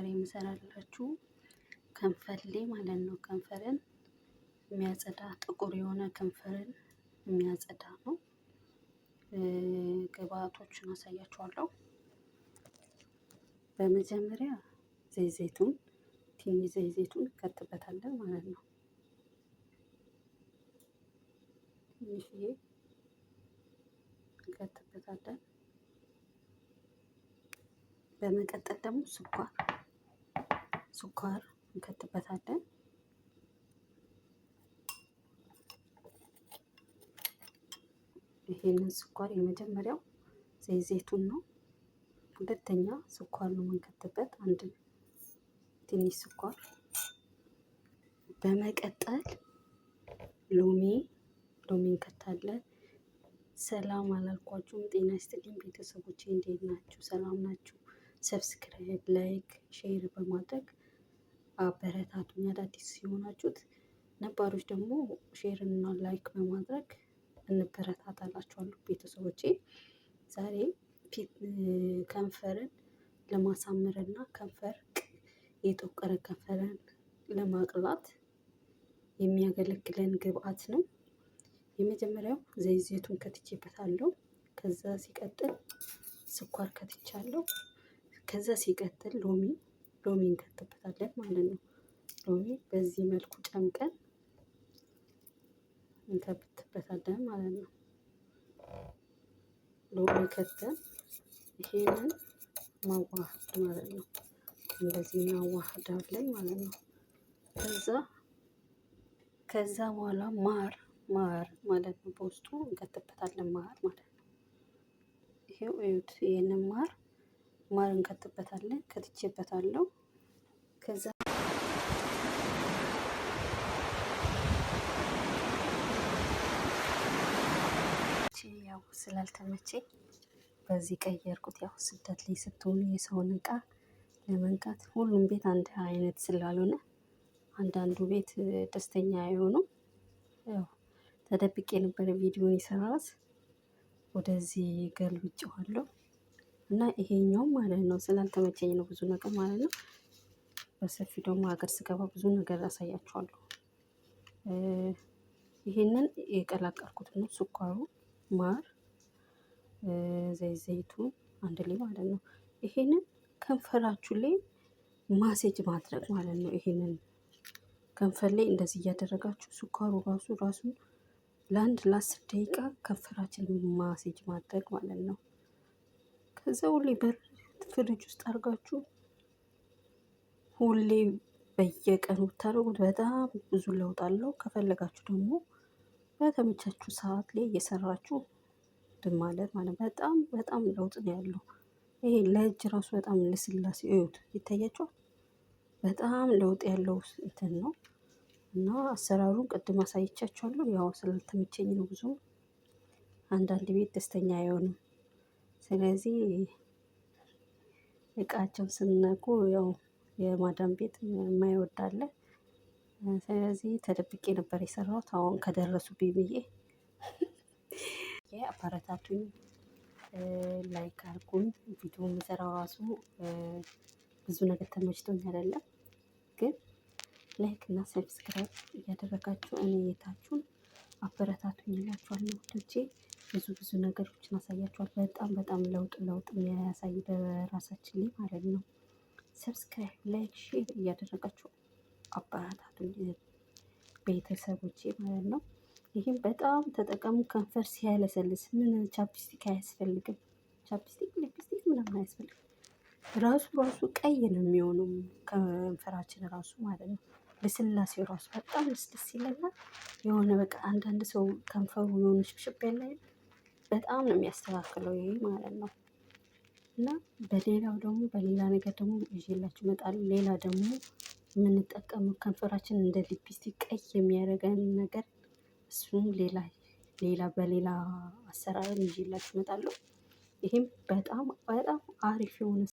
ዛሬ የምሰራላችሁ ከንፈር ላይ ማለት ነው። ከንፈርን የሚያጸዳ ጥቁር የሆነ ከንፈርን የሚያጸዳ ነው። ግብአቶችን አሳያችኋለሁ። በመጀመሪያ ዘይዘይቱን ቲኒ ዘይዘይቱን ዘይት ማለት ነው። ትንሽዬ ከትበታለን። በመቀጠል ደግሞ ስኳር ስኳር እንከትበታለን። ይሄንን ስኳር የመጀመሪያው ዘይት ዘይቱን ነው። ሁለተኛ ስኳር ነው የምንከትበት፣ አንድ ትንሽ ስኳር። በመቀጠል ሎሚ ሎሚ እንከታለን። ሰላም አላልኳችሁም። ጤና ይስጥልኝ ቤተሰቦቼ፣ እንዴት ናችሁ? ሰላም ናችሁ? ሰብስክራይብ፣ ላይክ፣ ሼር በማድረግ አበረታቱኝ አዳዲስ የሆናችሁት ነባሮች ደግሞ ሼር እና ላይክ በማድረግ እንበረታታ ቤተሰቦቼ። ዛሬ ከንፈርን ለማሳመር እና ከንፈር የጠቆረ ከንፈርን ለማቅላት የሚያገለግለን ግብአት ነው። የመጀመሪያው ዘይት ዘይቱን ከትቼበታለሁ። ከዛ ሲቀጥል ስኳር ከትቻለሁ። ከዛ ሲቀጥል ሎሚ ሎሚ እንከትበታለን ማለት ነው። ሎሚ በዚህ መልኩ ጨምቀን እንከትበታለን ማለት ነው። ሎሚ ከተን ይሄንን ማዋሃድ ማለት ነው። እንደዚህ እናዋሃዳለን ማለት ነው። ከዛ ከዛ በኋላ ማር ማር ማለት ነው በውስጡ እንከትበታለን ማር ማለት ነው። ይሄው እዩት ይሄንን ማር ማር እንቀጥበታለን ከትቼበታለሁ። ከዛ ያው ስላልተመቼ በዚህ ቀየርኩት። ያው ስደት ላይ ስትሆኑ የሰውን እቃ ለመንካት ሁሉም ቤት አንድ አይነት ስላልሆነ አንዳንዱ ቤት ደስተኛ የሆኑ ያው ተደብቄ የነበረ ቪዲዮን የሰራሁት ወደዚህ ገልብጬዋለሁ። እና ይሄኛው ማለት ነው ስላልተመቸኝ ነው ብዙ ነገር ማለት ነው። በሰፊው ደግሞ ሀገር ስገባ ብዙ ነገር አሳያችኋለሁ። ይሄንን የቀላቀልኩት ነው ስኳሩ፣ ማር፣ ዘይት ዘይቱ አንድ ላይ ማለት ነው። ይሄንን ከንፈራችሁ ላይ ማሴጅ ማድረግ ማለት ነው። ይሄንን ከንፈር ላይ እንደዚህ እያደረጋችሁ ስኳሩ ራሱ ራሱ ለአንድ ለአስር ደቂቃ ከንፈራችን ማሴጅ ማድረግ ማለት ነው። ከዛ ሁሌ በር ፍሪጅ ውስጥ አድርጋችሁ ሁሌ በየቀኑ ብታደርጉት በጣም ብዙ ለውጥ አለው። ከፈለጋችሁ ደግሞ በተመቻችሁ ሰዓት ላይ እየሰራችሁ ድን ማለት ማለት በጣም በጣም ለውጥ ነው ያለው። ይሄ ለእጅ ራሱ በጣም ልስላሴ እዩት፣ ይታያቸዋል። በጣም ለውጥ ያለው እንትን ነው እና አሰራሩን ቅድም አሳይቻችኋለሁ። ያው ስላልተመቸኝ ነው ብዙ አንዳንድ ቤት ደስተኛ አይሆንም። ስለዚህ እቃቸው ስንነኩ ያው የማዳም ቤት የማይወድ ስለዚህ ተደብቄ ነበር የሰራሁት። አሁን ከደረሱ ብዬ አበረታቱኝ፣ ላይክ አድርጉኝ። ቪዲዮ የሚሰራው ራሱ ብዙ ነገር ተመችቶኝ አይደለም፣ ግን ላይክ እና ሰብስክራይብ እያደረጋችሁ እኔ የታችሁን አበረታቱኝ እላችኋለሁ ውዶቼ። ብዙ ብዙ ነገሮችን አሳያችኋል። በጣም በጣም ለውጥ ለውጥ የሚያሳይ በራሳችን ላይ ማለት ነው። ሰብስክራይብ፣ ላይክ፣ ሼር እያደረጋችሁ አበረታቱ ቤተሰቦቼ ማለት ነው። ይህም በጣም ተጠቀሙ። ከንፈር ሲያለሰልስ ምን ቻፕስቲክ አያስፈልግም። ቻፕስቲክ፣ ሊፕስቲክ ምናምን አያስፈልግም። ራሱ ራሱ ቀይ ነው የሚሆነው ከንፈራችን ራሱ ማለት ነው። በስላሴው ራሱ በጣም ደስ ይለናል። የሆነ በቃ አንዳንድ ሰው ከንፈሩ የሆነ ሽብሽብ ያለ በጣም ነው የሚያስተካክለው ይሄ ማለት ነው። እና በሌላው ደግሞ በሌላ ነገር ደግሞ ይዤላችሁ እመጣለሁ። ሌላ ደግሞ የምንጠቀመው ከንፈራችን እንደ ሊፕስቲክ ቀይ የሚያደርገን ነገር እሱም ሌላ ሌላ በሌላ አሰራር ይዤላችሁ እመጣለሁ። ይህም በጣም በጣም አሪፍ የሆነ